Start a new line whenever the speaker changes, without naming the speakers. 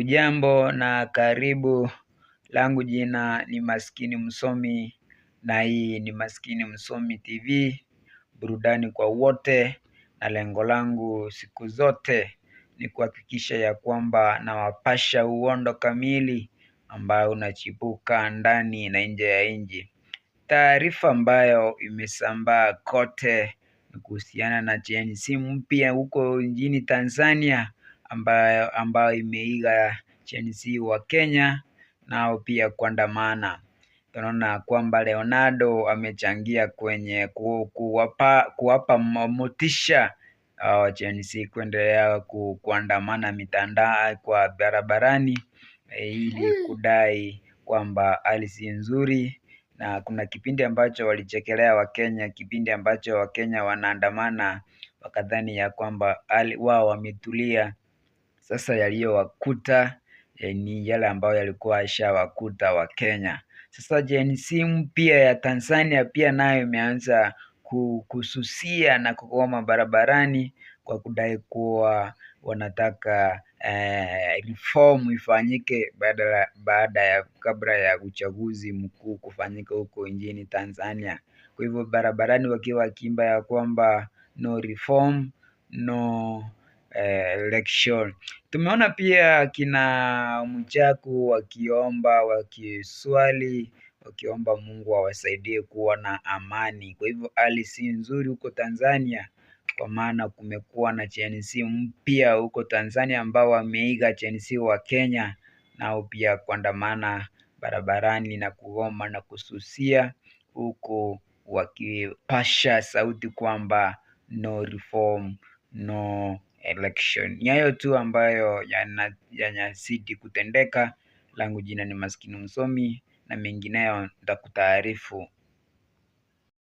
Ujambo na karibu. Langu jina ni Maskini Msomi na hii ni Maskini Msomi TV, burudani kwa wote, na lengo langu siku zote ni kuhakikisha ya kwamba nawapasha uondo kamili ambao unachipuka ndani na nje ya nchi. Taarifa ambayo imesambaa kote ni kuhusiana na Gen Z mpya huko nchini Tanzania ambayo imeiga Gen Z wa Kenya nao pia kuandamana. Tunaona kwamba Leonardo amechangia kwenye ku, kuwapa, kuwapa motisha uh, Gen Z kuendelea ku, kuandamana mitandao kwa barabarani eh, ili hmm. kudai kwamba ardhi nzuri na kuna kipindi ambacho walichekelea Wakenya, kipindi ambacho Wakenya wanaandamana wakadhani ya kwamba wao wametulia, sasa yaliyowakuta eh, ni yale ambayo yalikuwa yashawakuta kenya Sasa Gen Z mpya ya Tanzania pia nayo imeanza kususia na kugoma barabarani kwa kudai kuwa wanataka eh, reform ifanyike badala baada ya kabla ya uchaguzi mkuu kufanyika huko nchini Tanzania. Kwa hivyo barabarani wakiwa kimba ya kwamba no reform, no eh, election. Tumeona pia kina Mchaku wakiomba, wakiswali, wakiomba Mungu awasaidie kuwa na amani. Kwa hivyo hali si nzuri huko Tanzania, kwa maana kumekuwa na Gen Z mpya huko Tanzania ambao wameiga Gen Z wa Kenya, nao pia kuandamana barabarani na kugoma na kususia, huku wakipasha sauti kwamba no reform, no election. Ni hayo tu ambayo yanazidi kutendeka. Langu jina ni Maskini Msomi na mengineyo nitakutaarifu.